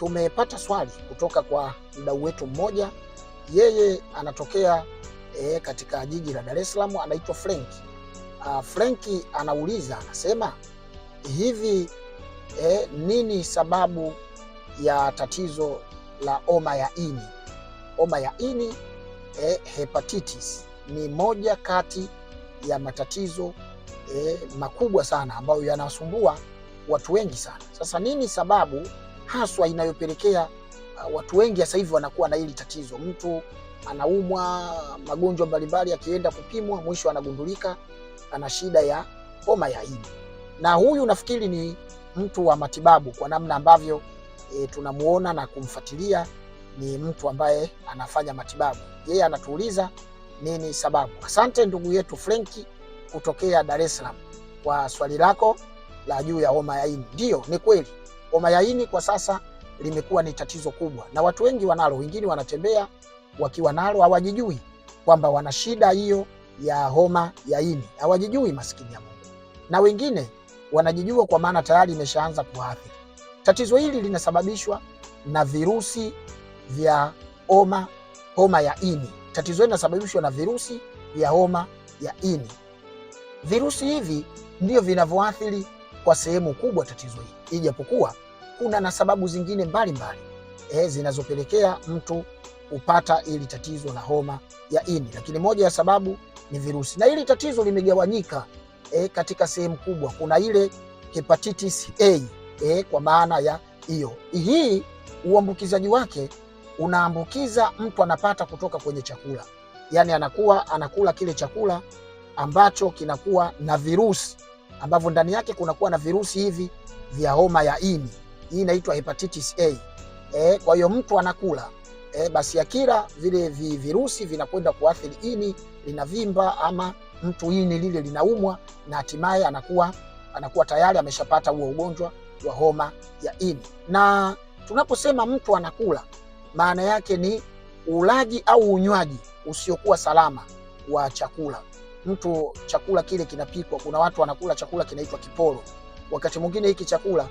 tumepata swali kutoka kwa mdau wetu mmoja, yeye anatokea e, katika jiji la Dar es Salaam, anaitwa Frank. Uh, Frank anauliza anasema hivi e, nini sababu ya tatizo la homa ya ini? Homa ya ini e, hepatitis ni moja kati ya matatizo e, makubwa sana ambayo yanasumbua watu wengi sana. Sasa nini sababu haswa inayopelekea uh, watu wengi sasa hivi wanakuwa na hili tatizo. Mtu anaumwa magonjwa mbalimbali, akienda kupimwa mwisho anagundulika ana shida ya homa ya ini, na huyu nafikiri ni mtu wa matibabu kwa namna ambavyo e, tunamuona na kumfuatilia ni mtu ambaye anafanya matibabu. Yeye anatuuliza nini sababu. Asante ndugu yetu Frenki kutokea Dar es Salaam kwa swali lako la juu ya homa ya ini. Ndiyo, ni kweli homa ya ini kwa sasa limekuwa ni tatizo kubwa, na watu wengi wanalo, wengine wanatembea wakiwa nalo, hawajijui kwamba wana shida hiyo ya homa ya ini, hawajijui maskini ya Mungu, na wengine wanajijua kwa maana tayari imeshaanza kuathiri. Tatizo hili linasababishwa na virusi vya homa homa ya ini. Tatizo hili linasababishwa na virusi vya homa ya ini. Virusi hivi ndio vinavyoathiri kwa sehemu kubwa tatizo hili, ijapokuwa kuna na sababu zingine mbalimbali e, zinazopelekea mtu kupata ili tatizo la homa ya ini, lakini moja ya sababu ni virusi, na hili tatizo limegawanyika e, katika sehemu kubwa. Kuna ile hepatitis A e, kwa maana ya hiyo hii uambukizaji wake unaambukiza mtu anapata kutoka kwenye chakula, yaani anakuwa anakula kile chakula ambacho kinakuwa na virusi ambavyo ndani yake kunakuwa na virusi hivi vya homa ya ini. Hii inaitwa hepatitis A. E, kwa hiyo mtu anakula e, basi akila vile vi virusi vinakwenda kuathiri ini, linavimba ama mtu ini lile linaumwa, na hatimaye anakuwa anakuwa tayari ameshapata huo ugonjwa wa homa ya ini. Na tunaposema mtu anakula, maana yake ni ulaji au unywaji usiokuwa salama wa chakula mtu chakula kile kinapikwa, kuna watu wanakula chakula kinaitwa kiporo. Wakati mwingine hiki chakula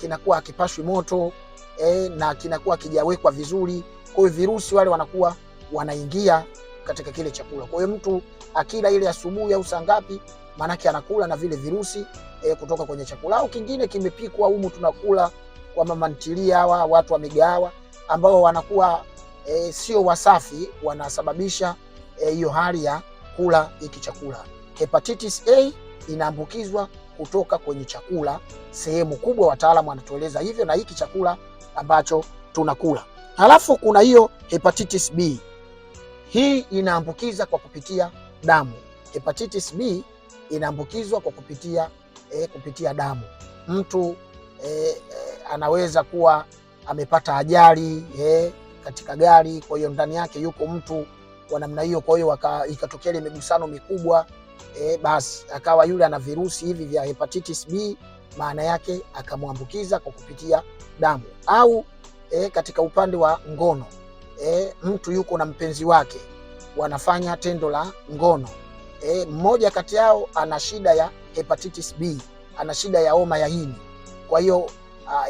kinakuwa hakipashwi moto eh, na kinakuwa kijawekwa vizuri, kwa hiyo virusi wale wanakuwa wanaingia katika kile chakula. Kwa hiyo mtu akila ile asubuhi au saa ngapi, maanake anakula na vile virusi eh, kutoka kwenye chakula au kingine kimepikwa. Humu tunakula kwa mama ntilia hawa watu wa migawa ambao wanakuwa eh, sio wasafi, wanasababisha eh, hiyo eh, hali ya kula hiki chakula. Hepatitis A inaambukizwa kutoka kwenye chakula sehemu kubwa, wataalamu wanatueleza hivyo, na hiki chakula ambacho tunakula. Halafu kuna hiyo hepatitis B, hii inaambukiza kwa kupitia damu. Hepatitis B inaambukizwa kwa kupitia eh, kupitia damu. Mtu eh, eh, anaweza kuwa amepata ajali eh, katika gari, kwa hiyo ndani yake yuko mtu wa namna hiyo. Kwa hiyo ikatokea ile migusano mikubwa e, basi akawa yule ana virusi hivi vya hepatitis B, maana yake akamwambukiza kwa kupitia damu au e, katika upande wa ngono e, mtu yuko na mpenzi wake wanafanya tendo la ngono e, mmoja kati yao ana shida ya hepatitis B, ana shida ya homa ya ini. Kwa hiyo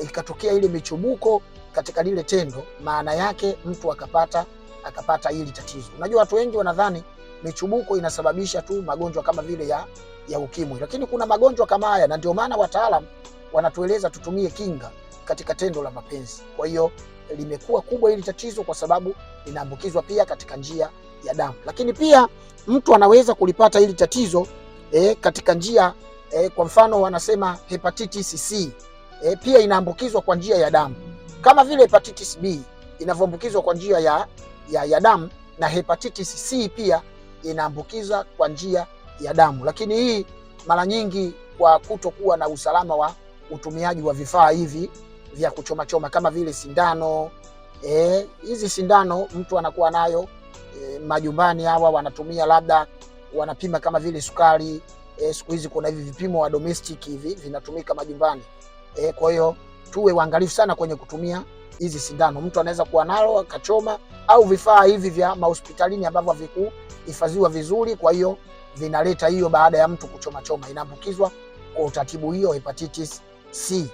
ikatokea ile michubuko katika lile tendo, maana yake mtu akapata akapata hili tatizo. Unajua watu wengi wanadhani michubuko inasababisha tu magonjwa kama vile ya, ya ukimwi, lakini kuna magonjwa kama haya, na ndio maana wataalam wanatueleza tutumie kinga katika tendo la mapenzi. Kwa hiyo limekuwa kubwa hili tatizo kwa sababu linaambukizwa pia katika njia ya damu, lakini pia mtu anaweza kulipata hili tatizo eh, katika njia eh, kwa mfano wanasema hepatitis C eh, pia inaambukizwa kwa njia ya damu kama vile hepatitis B inavyoambukizwa kwa njia ya ya, ya damu na hepatitis C pia inaambukiza kwa njia ya damu, lakini hii mara nyingi kwa kutokuwa na usalama wa utumiaji wa vifaa hivi vya kuchomachoma kama vile sindano e, hizi e, sindano mtu anakuwa nayo e, majumbani hawa wanatumia labda wanapima kama vile sukari e, siku hizi kuna hivi vipimo wa domestic hivi vinatumika majumbani e, kwa hiyo tuwe waangalifu sana kwenye kutumia hizi sindano. Mtu anaweza kuwa nalo akachoma, au vifaa hivi vya mahospitalini ambavyo havikuhifadhiwa vizuri, kwa hiyo vinaleta hiyo, baada ya mtu kuchoma choma, inaambukizwa kwa utaratibu hiyo hepatitis C.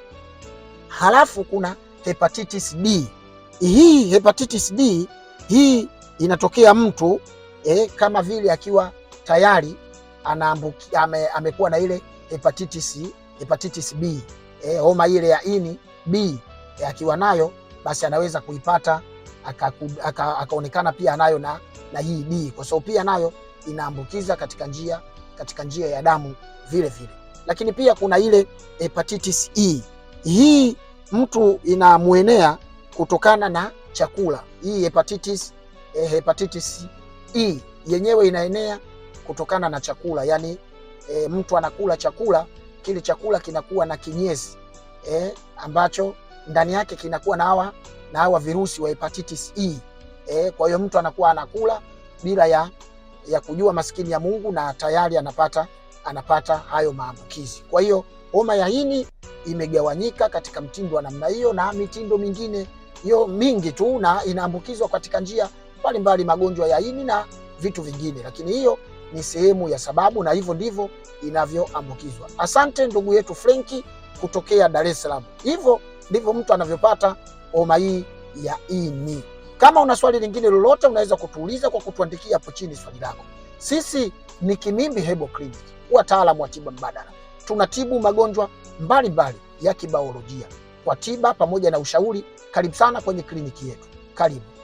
Halafu kuna hepatitis D. Hii hepatitis D hii inatokea mtu eh, kama vile akiwa tayari anaambukia ame, amekuwa na ile hepatitis hepatitis B eh, homa ile ya ini B eh, akiwa nayo basi anaweza kuipata akaonekana pia anayo na, na hii D kwa sababu pia nayo inaambukiza katika njia, katika njia ya damu vile vile. Lakini pia kuna ile hepatitis E. Hii mtu inamwenea kutokana na chakula. Hii hepatitis, eh, hepatitis E yenyewe inaenea kutokana na chakula, yani eh, mtu anakula chakula, kile chakula kinakuwa na kinyesi eh, ambacho ndani yake kinakuwa na hawa na hawa virusi wa hepatitis E. E, kwa hiyo mtu anakuwa anakula bila ya, ya kujua maskini ya Mungu na tayari anapata, anapata hayo maambukizi. Kwa hiyo homa ya ini imegawanyika katika mtindo wa namna hiyo na mitindo mingine hiyo mingi tu, na inaambukizwa katika njia mbalimbali, magonjwa ya ini na vitu vingine, lakini hiyo ni sehemu ya sababu, na hivyo ndivyo inavyoambukizwa. Asante ndugu yetu Frenki kutokea Dar es Salaam. Hivyo Ndivyo mtu anavyopata homa hii ya ini. Kama una swali lingine lolote, unaweza kutuuliza kwa kutuandikia hapo chini swali lako. Sisi ni Kimimbi Herbal Clinic, wataalamu wa tiba mbadala. Tunatibu magonjwa mbalimbali ya kibaolojia kwa tiba pamoja na ushauri. Karibu sana kwenye kliniki yetu, karibu.